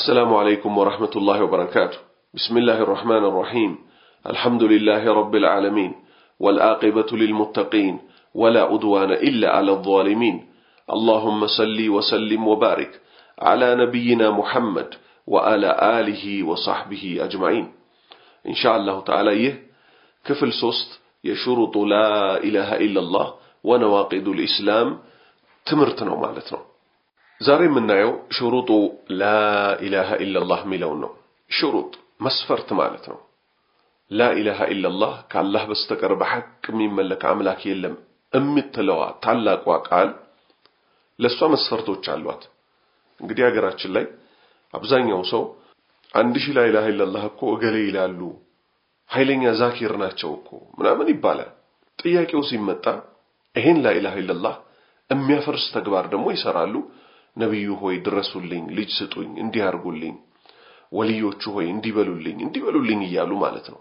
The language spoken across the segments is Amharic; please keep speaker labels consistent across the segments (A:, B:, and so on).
A: السلام عليكم ورحمة الله وبركاته بسم الله الرحمن الرحيم الحمد لله رب العالمين والآقبة للمتقين ولا أدوان إلا على الظالمين اللهم صل وسلم وبارك على نبينا محمد وعلى آله وصحبه أجمعين إن شاء الله تعالى يه كفل سوست يشرط لا إله إلا الله ونواقد الإسلام تمرتنا ومالتنا ዛሬ የምናየው ሽሩጡ ላኢላሃ ኢላላህ የሚለውን ነው። ሽሩጥ መስፈርት ማለት ነው። ላኢላሃ ኢላላህ ከአላህ በስተቀር በሐቅ የሚመለክ አምላክ የለም የምትለዋ ታላቋ ቃል ለእሷ መስፈርቶች አሏት። እንግዲህ ሀገራችን ላይ አብዛኛው ሰው አንድ ሺህ ላኢላሃ ኢላላህ እኮ እገሌ ይላሉ፣ ኃይለኛ ዛኪር ናቸው እኮ ምናምን ይባላል። ጥያቄው ሲመጣ ይሄን ላኢላሃ ኢላላህ የሚያፈርስ ተግባር ደግሞ ይሰራሉ። ነቢዩ ሆይ ድረሱልኝ፣ ልጅ ስጡኝ፣ እንዲህ ወልዮቹ ሆይ እንዲበሉልኝ እንዲበሉልኝ እያሉ ማለት ነው።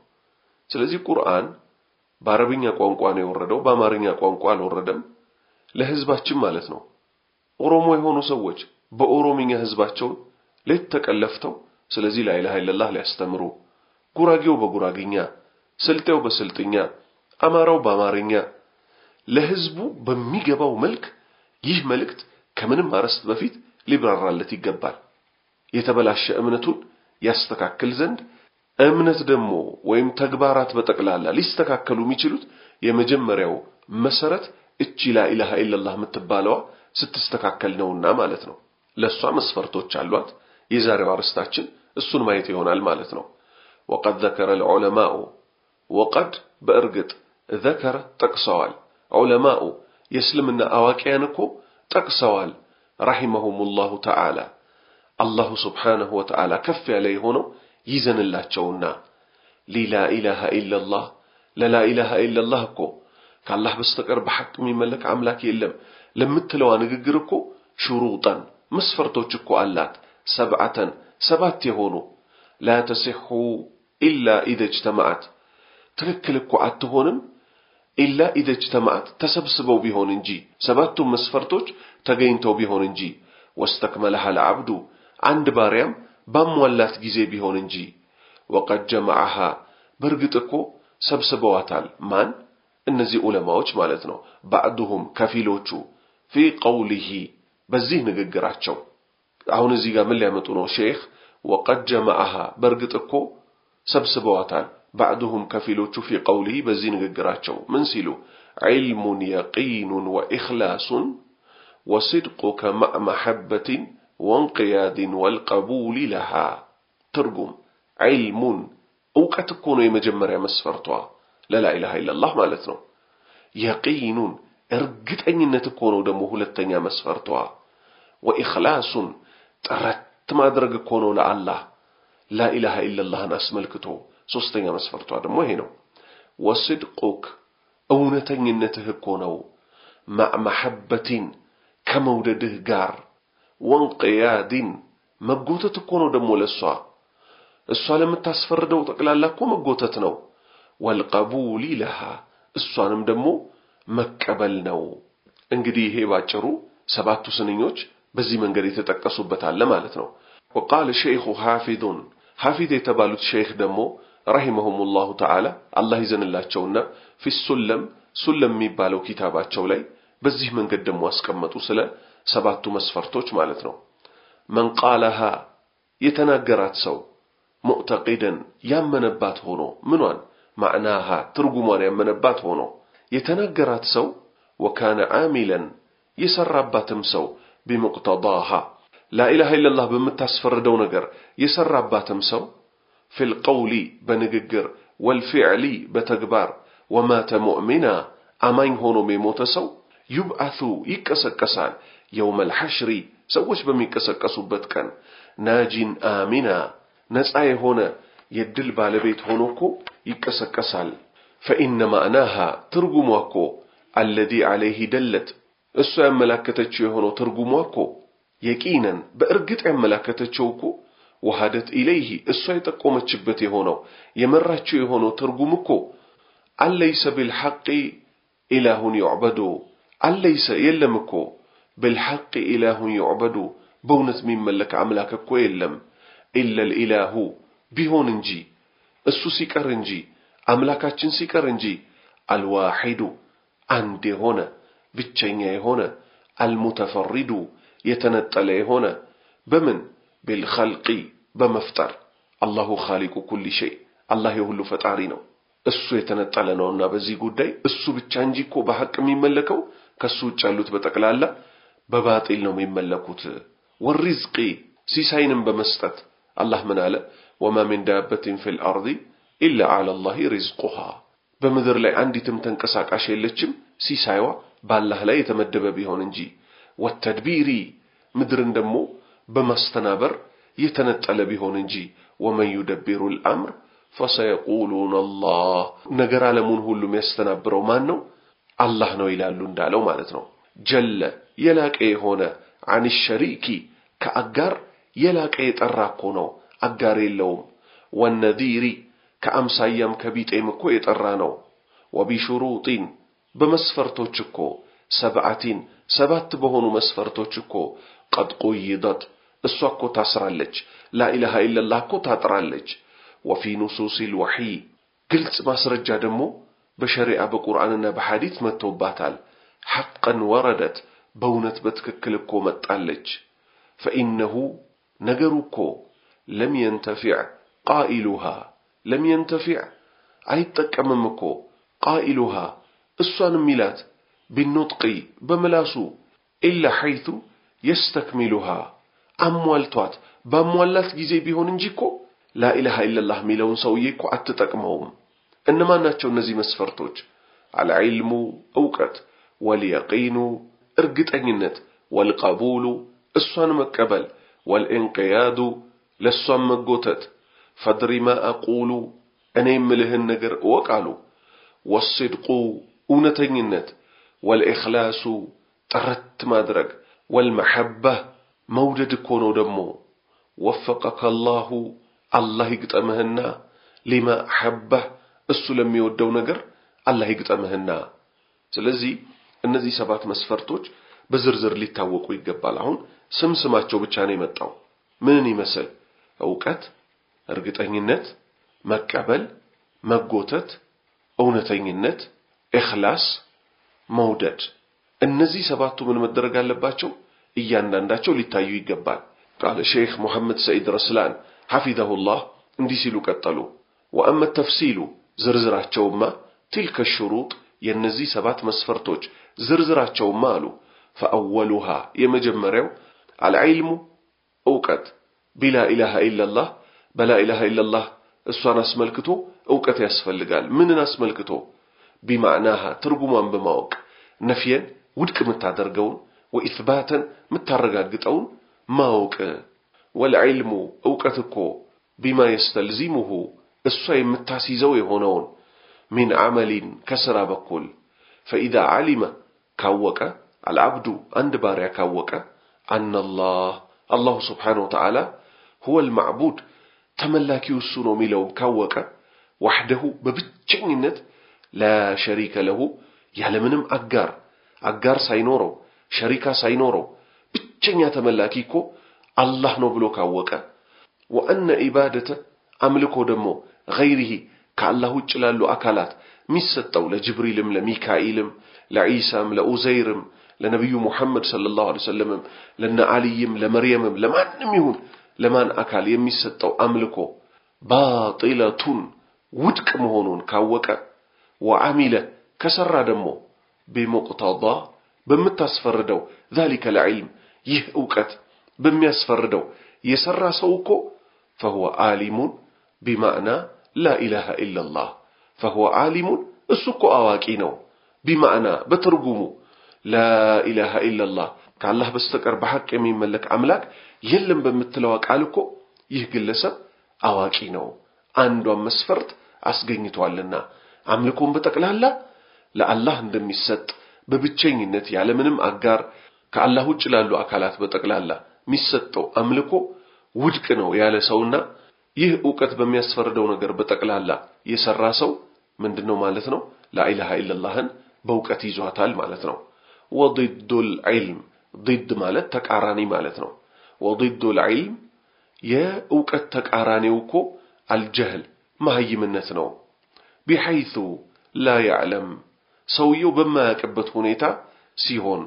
A: ስለዚህ ቁርአን በአረብኛ ቋንቋ ነው የወረደው፣ በአማርኛ ቋንቋ አልወረደም። ለህዝባችን ማለት ነው። ኦሮሞ የሆኑ ሰዎች በኦሮምኛ ህዝባቸውን ሌት ተቀለፍተው ስለዚህ ላ ኢለላህ ሊያስተምሩ፣ ጉራጌው በጉራግኛ፣ ስልጤው በስልጥኛ፣ አማራው በአማርኛ ለህዝቡ በሚገባው መልክ ይህ መልእክት ከምንም አርዕስት በፊት ሊብራራለት ይገባል። የተበላሸ እምነቱን ያስተካክል ዘንድ እምነት ደግሞ ወይም ተግባራት በጠቅላላ ሊስተካከሉ የሚችሉት የመጀመሪያው መሰረት እቺ ላኢላሃ ኢለላህ የምትባለዋ ስትስተካከል ነውና ማለት ነው። ለሷ መስፈርቶች አሏት። የዛሬው አርዕስታችን እሱን ማየት ይሆናል ማለት ነው። ወቀድ ዘከረ ዑለማኡ ወቀድ በእርግጥ ዘከረ ጠቅሰዋል። ዑለማኡ የእስልምና አዋቂያን እኮ ጠቅሰዋል። ረሒመሁም ላሁ ተዓላ አላሁ ስብሓነሁ ወተዓላ ከፍ ያለ የሆነው ይዘንላቸውና ሊላኢላሃ ኢለላህ ለላኢላሃ ኢለላህ እኮ ከአላህ በስተቀር በሐቅ የሚመለክ አምላክ የለም ለምትለዋ ንግግር እኮ ሹሩጠን መስፈርቶች እኮ አላት። ሰብዓተን ሰባት የሆኑ ላ ኢላ ኢላ ኢደጅተማዓት ትክክል እኮ አትሆንም ኢላ ኢደጅተማዕት ተሰብስበው ቢሆን እንጂ ሰባቱም መስፈርቶች ተገኝተው ቢሆን እንጂ ወስተክመለሃል አብዱ አንድ ባሪያም ባሟላት ጊዜ ቢሆን እንጂ ወቀድ ጀመዐሃ በእርግጥ እኮ ሰብስበዋታል ማን እነዚህ ዑለማዎች ማለት ነው ባዕዱሁም ከፊሎቹ ፊ ቀውሊሂ በዚህ ንግግራቸው አሁን እዚህ ጋር ምን ሊያመጡ ነው ሼክ ወቀድ ጀመዐሃ በእርግጥ እኮ ሰብስበዋታል بعدهم كفلو في قوله بزين غقراتشو من سيلو علم يقين وإخلاص وصدقك مع محبة وانقياد والقبول لها ترجم علم أو كتكون يمجمر مسفرتها لا لا إله إلا الله ما لتنو يقين ارجت أن نتكون دمه لتنيا مسفرتها وإخلاص ترت ما درج كونه لعله لا إله إلا الله ناس ملكته ሶስተኛ መስፈርቷ ደግሞ ይሄ ነው። ወስድቁክ እውነተኝነትህ እኮ ነው። ማዕ ከመውደድህ ጋር ወንቅያዲን መጎተት እኮ ነው ደግሞ ለእሷ እሷ ለምታስፈርደው ጠቅላላ እኮ መጎተት ነው። ወልቀቡሊ ለሃ እሷንም ደግሞ መቀበል ነው። እንግዲህ ይሄ ባጭሩ ሰባቱ ስንኞች በዚህ መንገድ የተጠቀሱበታል ማለት ነው። ወቃለ ሸይኹ ሐፊዙን ሐፊዝ የተባሉት ሼይኽ ደግሞ ረሂመሁሙላሁ ተዓላ አላህ ይዘንላቸውና ፊሱለም ሱለም የሚባለው ኪታባቸው ላይ በዚህ መንገድ ደግሞ አስቀመጡ ስለ ሰባቱ መስፈርቶች ማለት ነው። መንቃለሃ የተናገራት ሰው ሙዕተቂደን ያመነባት ሆኖ ምኗን ማዕናሃ ትርጉሟን ያመነባት ሆኖ የተናገራት ሰው ወካነ ዓሚለን የሰራባትም ሰው ቢሙቅተዳሃ ላኢላሃ ኢለላህ በምታስፈርደው ነገር የሰራባትም ሰው في القول بنجر والفعل بتكبر ومات مؤمنا أمين هونو ميموتسو يبعثوا يكسكسان يوم الحشر سوش بميكسكسو بتكن ناجين آمنا نسأي هنا يدل بالبيت هونوكو يكسكسال فإن معناها ترجموكو الذي عليه دلت السؤال ملاكتة هنا ترجموكو يكينا بأرقت عن ملاكتة شوكو ወሃደት ኢለይሂ እሷ የጠቆመችበት የሆነው የመራችው የሆነው ትርጉም እኮ አለይሰ ቢልሐቂ ኢላሁን ይዕበዱ አለይሰ የለም እኮ ቢልሐቂ ኢላሁን ይዕበዱ በእውነት የሚመለክ አምላክ እኮ የለም ኢለል ኢላሁ ቢሆን እንጂ እሱ ሲቀር እንጂ አምላካችን ሲቀር እንጂ አልዋሂዱ አንድ የሆነ ብቸኛ የሆነ አልሙተፈሪዱ የተነጠለ የሆነ በምን ቢልኸልቂ በመፍጠር አላሁ ኻሊቁ ኩሊ ሸይ አላህ የሁሉ ፈጣሪ ነው። እሱ የተነጠለ ነውና በዚህ ጉዳይ እሱ ብቻ እንጂ እኮ በሐቅ የሚመለከው ከሱ ውጭ ያሉት በጠቅላላ በባጢል ነው የሚመለኩት። ወሪዝቂ ሲሳይንም በመስጠት አላህ ምን አለ? ወማ ሚን ዳበትን ፊል አርዲ ኢላ ዐላ ላሂ ሪዝቁሃ። በምድር ላይ አንዲትም ተንቀሳቃሽ የለችም ሲሳይዋ በአላህ ላይ የተመደበ ቢሆን እንጂ ወተድቢሪ ምድርን ደግሞ በማስተናበር የተነጠለ ቢሆን እንጂ ወመን ዩደቢሩ ልአምር ፈሰየቁሉን አላህ ነገር ዓለሙን ሁሉ የሚያስተናብረው ማን ነው? አላህ ነው ይላሉ እንዳለው ማለት ነው። ጀለ የላቀ የሆነ አን ሸሪኪ ከአጋር የላቀ የጠራ እኮ ነው። አጋር የለውም። ወነዲሪ ከአምሳያም ከቢጤም እኮ የጠራ ነው። ወቢሹሩጢን በመስፈርቶች እኮ ሰብዓቲን ሰባት በሆኑ መስፈርቶች እኮ ቀድ ቁይደት السوكو تسرالج لا إله إلا الله كو تطرالج وفي نصوص الوحي قلت ما سرج دمو بشري أبو قرآننا بحديث ما توباتال حقا وردت بونت بتككلكو ما تطالج فإنه نقروكو لم ينتفع قائلها لم ينتفع عيتك أمامكو قائلها السوان ميلات بالنطق بملاسو إلا حيث يستكملها አሟልቷት ባሟላት ጊዜ ቢሆን እንጂ እኮ ላኢላሃ ኢለላህ የሚለውን ሰውዬ እኮ አትጠቅመውም። እነማን ናቸው እነዚህ መስፈርቶች? አልዕልሙ እውቀት፣ ወልየቂኑ እርግጠኝነት፣ ወልቀቡሉ እሷን መቀበል፣ ወልእንቅያዱ ለእሷን መጎተት፣ ፈድሪማ አቁሉ እኔ የምልህን ነገር እወቃሉ? አሉ፣ ወስድቁ እውነተኝነት፣ ወልእኽላሱ ጥረት ማድረግ፣ ወልመሐባህ መውደድ እኮ ነው ደግሞ ወፈቀከ አላሁ አላህ ይግጠምህና ሊማ አሐባህ እሱ ለሚወደው ነገር አላህ ይግጠምህና። ስለዚህ እነዚህ ሰባት መስፈርቶች በዝርዝር ሊታወቁ ይገባል። አሁን ስም ስማቸው ብቻ ነው የመጣው። ምን ይመስል? እውቀት፣ እርግጠኝነት፣ መቀበል፣ መጎተት፣ እውነተኝነት፣ ኢኽላስ፣ መውደድ። እነዚህ ሰባቱ ምን መደረግ አለባቸው? እያንዳንዳቸው ሊታዩ ይገባል። ቃለ ሼክ ሙሐመድ ሰኢድ ረስላን ሐፊዘሁላህ እንዲህ ሲሉ ቀጠሉ። ወአመ ተፍሲሉ ዝርዝራቸውማ፣ ቲልከ ሽሩጥ የእነዚህ ሰባት መስፈርቶች ዝርዝራቸውማ አሉ። ፈአወሉሃ የመጀመሪያው አልዕልሙ እውቀት ቢላ ኢላሃ ኢላላህ በላ ኢላሃ ኢላላህ እሷን አስመልክቶ እውቀት ያስፈልጋል። ምንን አስመልክቶ? ቢማዕናሃ ትርጉሟን በማወቅ ነፍየን ውድቅ የምታደርገውን وإثباتا متارغاد قطعون ماوك والعلم أوكتكو بما يستلزمه السوي متاسي زوي هونون من عمل كسرى بكل فإذا علم كوك العبد عند باريا كوك أن الله الله سبحانه وتعالى هو المعبود تملاكي السنو ميلون كوك وحده ببتشنينت لا شريك له يعلمنم أجار أجار سينورو ሸሪካ ሳይኖረው ብቸኛ ተመላኪ እኮ አላህ ነው ብሎ ካወቀ ወአነ ኢባደተ አምልኮ ደግሞ ገይሪሂ ከአላህ ውጭ ላሉ አካላት የሚሰጠው ለጅብሪልም፣ ለሚካኤልም፣ ለዒሳም፣ ለኡዘይርም፣ ለነቢዩ ሙሐመድ ሰለላሁ ዐለይሂ ወሰለም፣ ለነ አልይም፣ ለመርየምም፣ ለማንም ይሁን ለማን አካል የሚሰጠው አምልኮ ባጢለቱን ውድቅ መሆኑን ካወቀ ወአሚለ ከሰራ ደግሞ ቢሙቅተዳ በምታስፈርደው ዛሊከ ለዕልም ይህ እውቀት በሚያስፈርደው የሰራ ሰው እኮ ፈሁወ ዓሊሙን ቢማዕና ላኢላሃ ኢለላህ ፈሁወ ዓሊሙን እሱ እኮ አዋቂ ነው። ቢማዕና በትርጉሙ ላኢላሃ ኢለላህ ከአላህ በስተቀር በሐቅ የሚመለክ አምላክ የለም በምትለዋ ቃል እኮ ይህ ግለሰብ አዋቂ ነው። አንዷን መስፈርት አስገኝቷልና አምልኮን በጠቅላላ ለአላህ እንደሚሰጥ በብቸኝነት ያለምንም አጋር ከአላህ ውጭ ላሉ አካላት በጠቅላላ የሚሰጠው አምልኮ ውድቅ ነው ያለ ሰውና ይህ ዕውቀት በሚያስፈርደው ነገር በጠቅላላ የሰራ ሰው ምንድነው ማለት ነው? ላኢላሃ ኢለላህን በእውቀት ይዟታል ማለት ነው። ወዲዱል ዒልም ዲድ ማለት ተቃራኒ ማለት ነው። ወዲዱል ዒልም የእውቀት ተቃራኒው እኮ አልጀህል መሀይምነት ነው። ቢሐይቱ ላ ያዕለም ሰውየው በማያውቅበት ሁኔታ ሲሆን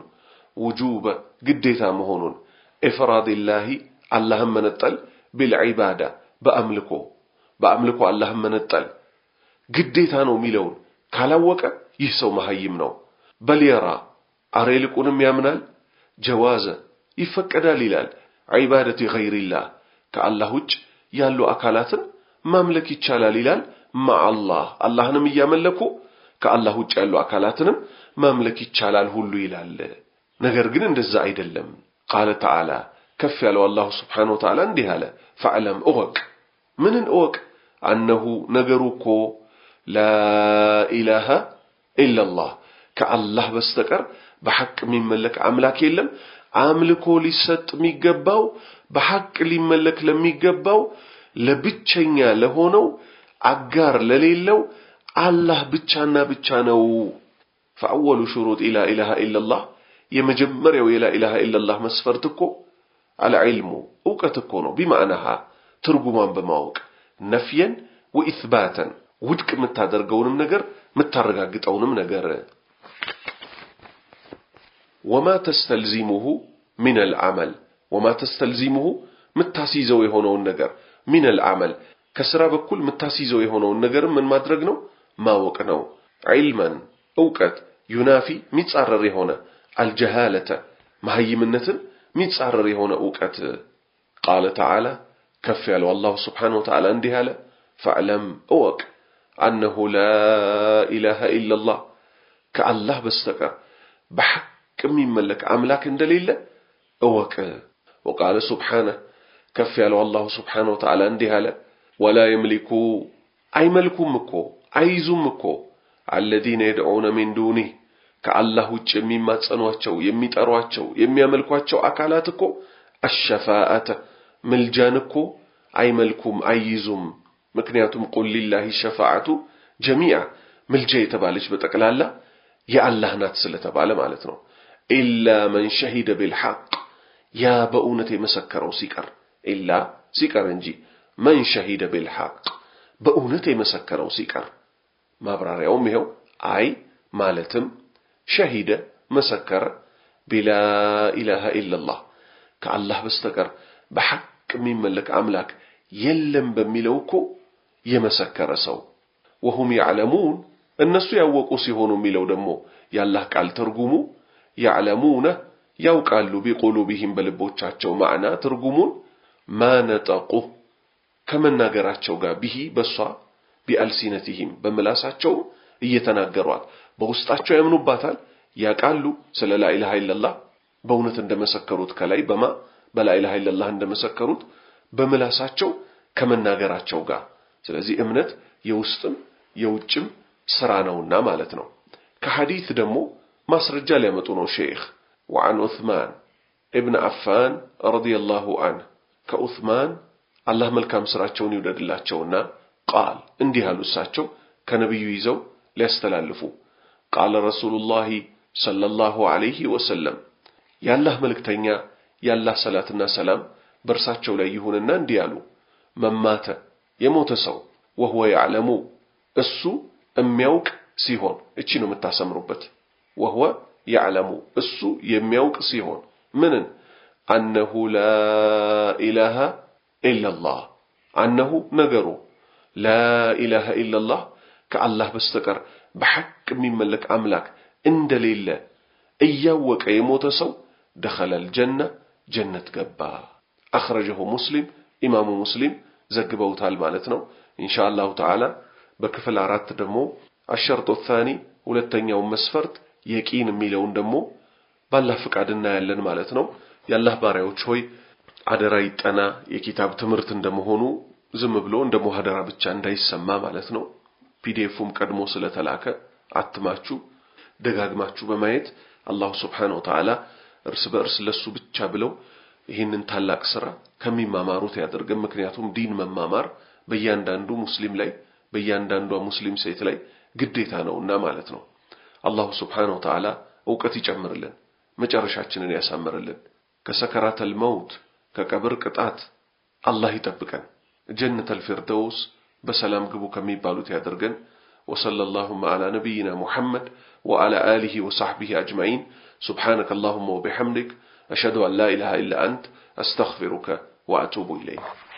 A: ውጁበ ግዴታ መሆኑን ኢፍራድላሂ አላህን መነጠል ቢልዒባዳ በአምልኮ በአምልኮ አላህን መነጠል ግዴታ ነው የሚለውን ካላወቀ ይህ ሰው መሀይም ነው። በልየራ አረ ይልቁንም ያምናል። ጀዋዘ ይፈቀዳል ይላል። ዒባደቲ ገይሪላህ ከአላህ ውጭ ያሉ አካላትን ማምለክ ይቻላል ይላል። ማዓላህ አላህንም እያመለኩ ከአላህ ውጭ ያሉ አካላትንም ማምለክ ይቻላል ሁሉ ይላል። ነገር ግን እንደዛ አይደለም። ቃለ ተዓላ ከፍ ያለው አላሁ ስብሓነሁ ወተዓላ እንዲህ አለ፣ ፈዕለም እወቅ። ምንን እወቅ? አነሁ ነገሩ እኮ ላኢላሃ ኢለላህ ከአላህ በስተቀር በሐቅ የሚመለክ አምላክ የለም። አምልኮ ሊሰጥ የሚገባው በሐቅ ሊመለክ ለሚገባው ለብቸኛ ለሆነው አጋር ለሌለው አላህ ብቻና ብቻ ነው። ፈአወሉ ሹሩጥ ላኢላሃ ኢለላህ የመጀመሪያው የላኢላሃ ኢለላህ መስፈርት እኮ አልዕልሙ እውቀት እኮ ነው። ቢማዕናሃ ትርጉሟን በማወቅ ነፍየን ወኢስባተን ውድቅ የምታደርገውንም ነገር የምታረጋግጠውንም ነገር ወማ ተስተልዚሙሁ ሚነል አመል ወማ ተስተልዚሙሁ የምታስይዘው የሆነውን ነገር ሚነል አመል ከስራ በኩል የምታስይዘው የሆነውን ነገር ምን ማድረግ ነው ما وقنو علما أوكت ينافي متصرر هنا الجهالة ما هي منتن متصرر هنا أوكت قال تعالى كفّل الله سبحانه وتعالى عندها له فعلم أوك أنه لا إله إلا الله كالله بستك بحق من ملك عملك دليل أوك وقال سبحانه كفّل الله سبحانه وتعالى عندها له ولا يملك أي ملك مكو አይዙም እኮ አለዚነ የድዑነ ሚን ዱኒህ ከአላህ ውጭ የሚማጸኗቸው የሚጠሯቸው የሚያመልኳቸው አካላት እኮ አሸፋአተ ምልጃን እኮ አይመልኩም አይይዙም። ምክንያቱም ቁል ሊላሂ ሸፋዓቱ ጀሚአ ምልጃ የተባለች በጠቅላላ የአላህ ናት ስለተባለ ማለት ነው። ኢላ መን ሸሂደ ቢልሐቅ ያ በእውነት የመሰከረው ሲቀር ኢላ ሲቀር እንጂ መን ሸሂደ ቢልሐቅ በእውነት የመሰከረው ሲቀር ማብራሪያውም ይኸው አይ ማለትም ሸሂደ መሰከረ ቢላ ኢላሃ ከአላህ በስተቀር በሐቅ የሚመለክ አምላክ የለም በሚለው እኮ የመሰከረ ሰው ወሁም ያዕለሙን እነሱ ያወቁ ሲሆኑ የሚለው ደግሞ የአላህ ቃል ትርጉሙ ያዕለሙነ ያውቃሉ ቢቁሉብህም በልቦቻቸው ማዕና ትርጉሙን ማነጠቁ ከመናገራቸው ጋር ብሂ በሷ ቢአልሲነቲሂም በምላሳቸው እየተናገሯት በውስጣቸው ያምኑባታል፣ ያቃሉ ስለ ላኢላሃ ኢለላህ በእውነት እንደመሰከሩት ከላይ በማ በላኢላሃ ኢለላህ እንደመሰከሩት በምላሳቸው ከመናገራቸው ጋር። ስለዚህ እምነት የውስጥም የውጭም ስራ ነውና ማለት ነው። ከሐዲት ደግሞ ማስረጃ ሊያመጡ ነው ሼክ ወአን ዑስማን ኢብን አፋን ረዲየላሁ አንህ ከዑስማን አላህ መልካም ስራቸውን ይውደድላቸውና ቃል እንዲህ አሉ እሳቸው ከነቢዩ ይዘው ሊያስተላልፉ ቃለ ረሱሉላሂ ሰለላሁ ዐለይሂ ወሰለም የአላህ መልእክተኛ የአላህ ሰላትና ሰላም በእርሳቸው ላይ ይሁንና እንዲህ አሉ መማተ የሞተ ሰው ወህወ ያዕለሙ እሱ የሚያውቅ ሲሆን እቺ ነው የምታሰምሩበት ወህወ ያዕለሙ እሱ የሚያውቅ ሲሆን ምንን አነሁ ላ ኢላሃ ኢላላህ አነሁ ነገሩ ላኢላሃ ኢላላህ ከአላህ በስተቀር በሐቅ የሚመለክ አምላክ እንደሌለ እያወቀ የሞተ ሰው ደኸለል ጀና ጀነት ገባ። አኽረጀሁ ሙስሊም ኢማሙ ሙስሊም ዘግበውታል ማለት ነው። ኢንሻአላሁ ተዓላ በክፍል አራት ደግሞ አሸርጦ ታኒ ሁለተኛውን መስፈርት የቂን የሚለውን ደግሞ ባላህ ፍቃድ እናያለን ማለት ነው። የአላህ ባሪያዎች ሆይ አደራ ይጠና የኪታብ ትምህርት እንደመሆኑ ዝም ብሎ እንደ ሙሐደራ ብቻ እንዳይሰማ ማለት ነው። ፒዲኤፉም ቀድሞ ስለተላከ አትማችሁ ደጋግማችሁ በማየት አላሁ ስብሓነሁ ወተዓላ እርስ በእርስ ለሱ ብቻ ብለው ይህንን ታላቅ ስራ ከሚማማሩት ያደርገን። ምክንያቱም ዲን መማማር በእያንዳንዱ ሙስሊም ላይ በእያንዳንዷ ሙስሊም ሴት ላይ ግዴታ ነውና ማለት ነው። አላሁ ስብሓነሁ ወተዓላ እውቀት ይጨምርልን፣ መጨረሻችንን ያሳምርልን፣ ከሰከራተል መውት ከቀብር ቅጣት አላህ ይጠብቀን። جنة الفردوس بسلام قبو كمي بالو يادرقن وصلى اللهم على نبينا محمد وعلى آله وصحبه أجمعين سبحانك اللهم وبحمدك أشهد أن لا إله إلا أنت أستغفرك وأتوب إليك